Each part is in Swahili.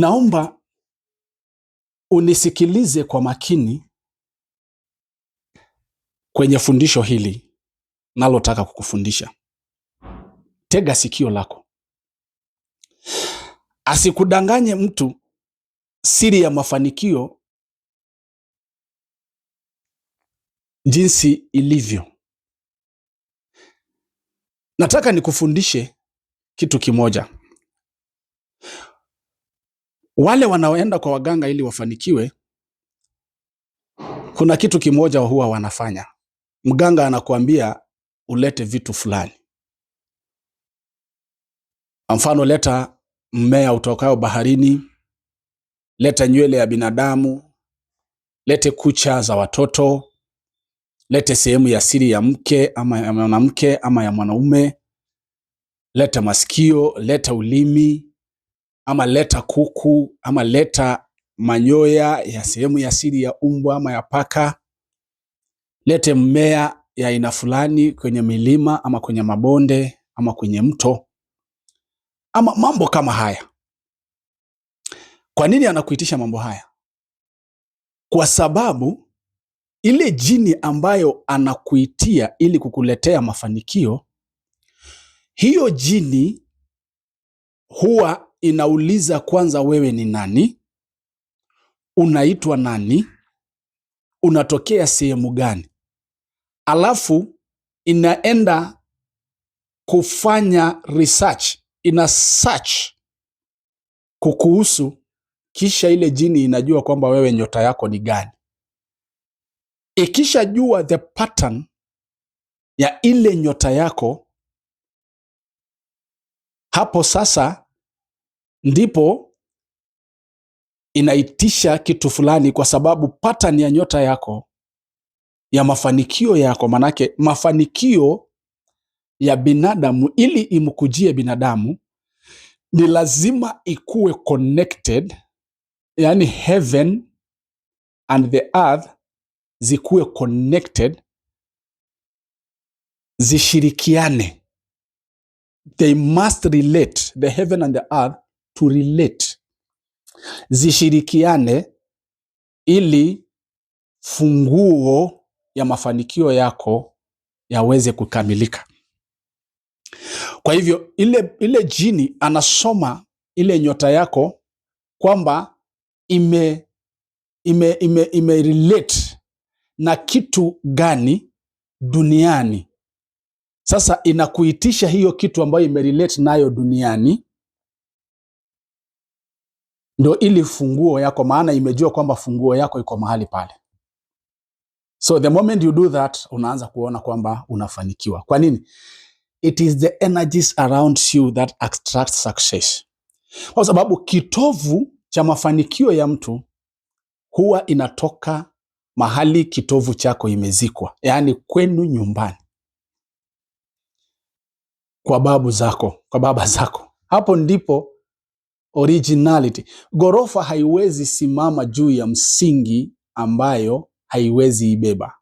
Naomba unisikilize kwa makini kwenye fundisho hili nalotaka kukufundisha. Tega sikio lako, asikudanganye mtu siri ya mafanikio jinsi ilivyo. Nataka nikufundishe kitu kimoja. Wale wanaoenda kwa waganga ili wafanikiwe, kuna kitu kimoja huwa wanafanya. Mganga anakuambia ulete vitu fulani, mfano leta mmea utokao baharini, leta nywele ya binadamu, lete kucha za watoto, lete sehemu ya siri ya mke ama ya mwanamke ama ya mwanaume, leta masikio, leta ulimi ama leta kuku ama leta manyoya ya sehemu ya siri ya umbwa ama ya paka, lete mmea ya aina fulani kwenye milima ama kwenye mabonde ama kwenye mto ama mambo kama haya. Kwa nini anakuitisha mambo haya? Kwa sababu ile jini ambayo anakuitia ili kukuletea mafanikio, hiyo jini huwa inauliza kwanza, wewe ni nani? Unaitwa nani? Unatokea sehemu gani? Alafu inaenda kufanya research, ina search kukuhusu, kisha ile jini inajua kwamba wewe nyota yako ni gani. Ikishajua the pattern ya ile nyota yako, hapo sasa ndipo inaitisha kitu fulani, kwa sababu pattern ya nyota yako ya mafanikio yako, manake mafanikio ya binadamu, ili imkujie binadamu ni lazima ikuwe connected, yani heaven and the earth zikuwe connected, zishirikiane, they must relate, the heaven and the earth to relate, zishirikiane ili funguo ya mafanikio yako yaweze kukamilika. Kwa hivyo ile, ile jini anasoma ile nyota yako kwamba ime, ime, ime, ime relate na kitu gani duniani. Sasa inakuitisha hiyo kitu ambayo imerelate nayo duniani ndo ili funguo yako, maana imejua kwamba funguo yako iko mahali pale. So the moment you do that, unaanza kuona kwamba unafanikiwa. Kwa nini? It is the energies around you that extract success, kwa sababu kitovu cha mafanikio ya mtu huwa inatoka mahali kitovu chako imezikwa, yaani kwenu nyumbani, kwa babu zako, kwa baba zako. Hapo ndipo originality. Ghorofa haiwezi simama juu ya msingi ambayo haiwezi ibeba.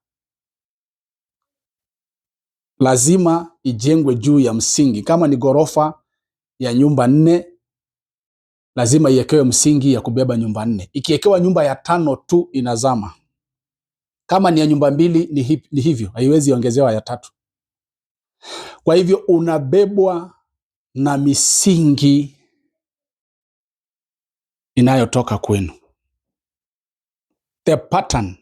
Lazima ijengwe juu ya msingi. Kama ni ghorofa ya nyumba nne, lazima iwekewe msingi ya kubeba nyumba nne. Ikiwekewa nyumba ya tano tu inazama. Kama ni ya nyumba mbili ni hivyo, haiwezi ongezewa ya tatu. Kwa hivyo unabebwa na misingi inayotoka kwenu, the pattern,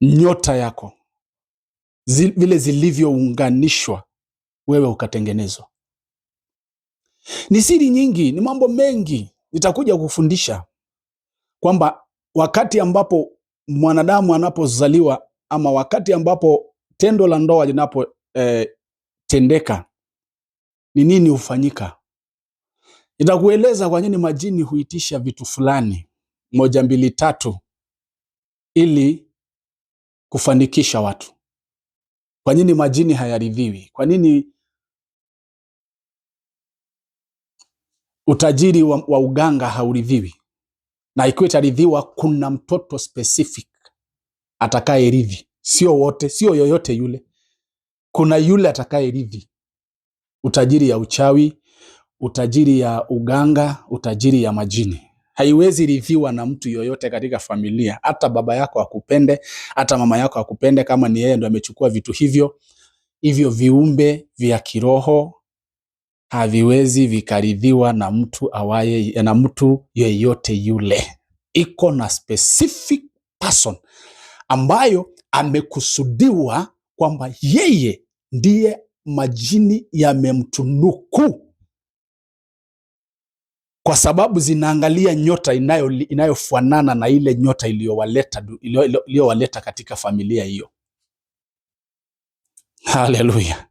nyota yako Zil, vile zilivyounganishwa wewe ukatengenezwa. Ni siri nyingi, ni mambo mengi nitakuja kufundisha kwamba wakati ambapo mwanadamu anapozaliwa ama wakati ambapo tendo la ndoa linapotendeka eh, ni nini hufanyika Nitakueleza kwa nini majini huitisha vitu fulani moja, mbili, tatu ili kufanikisha watu. Kwa nini majini hayaridhiwi? Kwa nini utajiri wa, wa uganga hauridhiwi? Na ikiwa itaridhiwa, kuna mtoto specific atakayerithi, sio wote, sio yoyote yule. Kuna yule atakayeridhi utajiri ya uchawi, utajiri ya uganga, utajiri ya majini haiwezi riviwa na mtu yoyote katika familia. Hata baba yako akupende, hata mama yako akupende, kama ni yeye ndo amechukua vitu hivyo, hivyo viumbe vya kiroho haviwezi vikaridhiwa na mtu awaye, na mtu yeyote yule. Iko na specific person ambayo amekusudiwa kwamba yeye ndiye majini yamemtunuku kwa sababu zinaangalia nyota inayo inayofanana na ile nyota iliyowaleta iliyowaleta katika familia hiyo. Haleluya!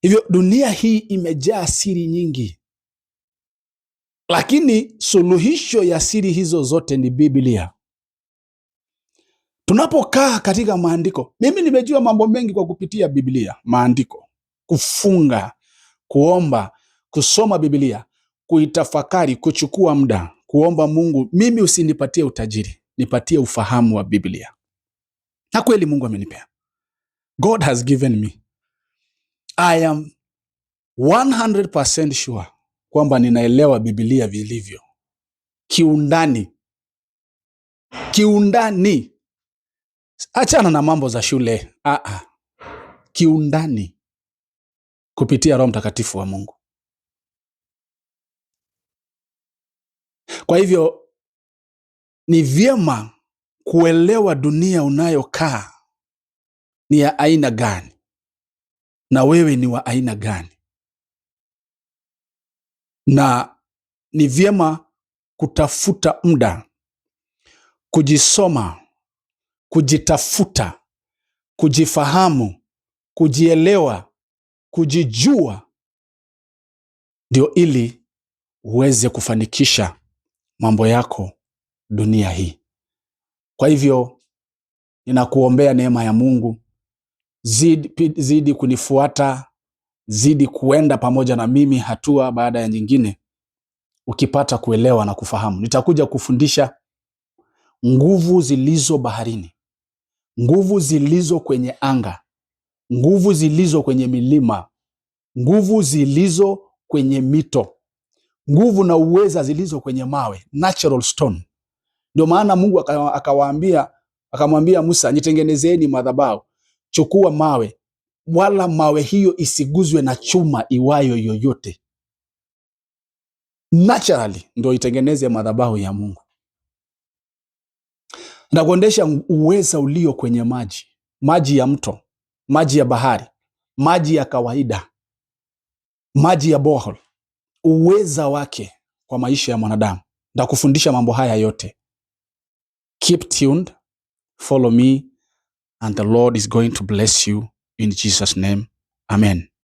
Hivyo dunia hii imejaa siri nyingi, lakini suluhisho ya siri hizo zote ni Biblia. Tunapokaa katika maandiko, mimi nimejua mambo mengi kwa kupitia Biblia, maandiko, kufunga, kuomba, kusoma Biblia kuitafakari, kuchukua muda kuomba Mungu, mimi usinipatie utajiri, nipatie ufahamu wa Biblia. Na kweli Mungu amenipea, God has given me. I am 100% sure kwamba ninaelewa Biblia vilivyo kiundani, kiundani. Achana na mambo za shule, ah, ah. kiundani kupitia Roho Mtakatifu wa Mungu. Kwa hivyo ni vyema kuelewa dunia unayokaa ni ya aina gani na wewe ni wa aina gani, na ni vyema kutafuta muda kujisoma, kujitafuta, kujifahamu, kujielewa, kujijua, ndio ili uweze kufanikisha mambo yako dunia hii. Kwa hivyo ninakuombea neema ya Mungu, zidi, zidi kunifuata, zidi kuenda pamoja na mimi hatua baada ya nyingine, ukipata kuelewa na kufahamu. Nitakuja kufundisha nguvu zilizo baharini, nguvu zilizo kwenye anga, nguvu zilizo kwenye milima, nguvu zilizo kwenye mito nguvu na uweza zilizo kwenye mawe, natural stone. Ndio maana Mungu akawaambia akamwambia Musa, nitengenezeni madhabahu, chukua mawe, wala mawe hiyo isiguzwe na chuma iwayo yoyote. Naturally ndio itengeneze madhabahu ya Mungu na kuondesha uweza ulio kwenye maji, maji ya mto, maji ya bahari, maji ya kawaida, maji ya borehole uweza wake kwa maisha ya mwanadamu. Ndakufundisha mambo haya yote. Keep tuned, follow me and the Lord is going to bless you in Jesus name. Amen.